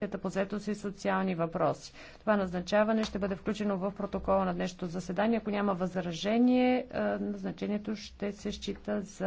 Комисията по заетост и социални въпроси. Това назначаване ще бъде включено в протокола на днешното заседание. Ако няма възражение, е, назначението ще се счита за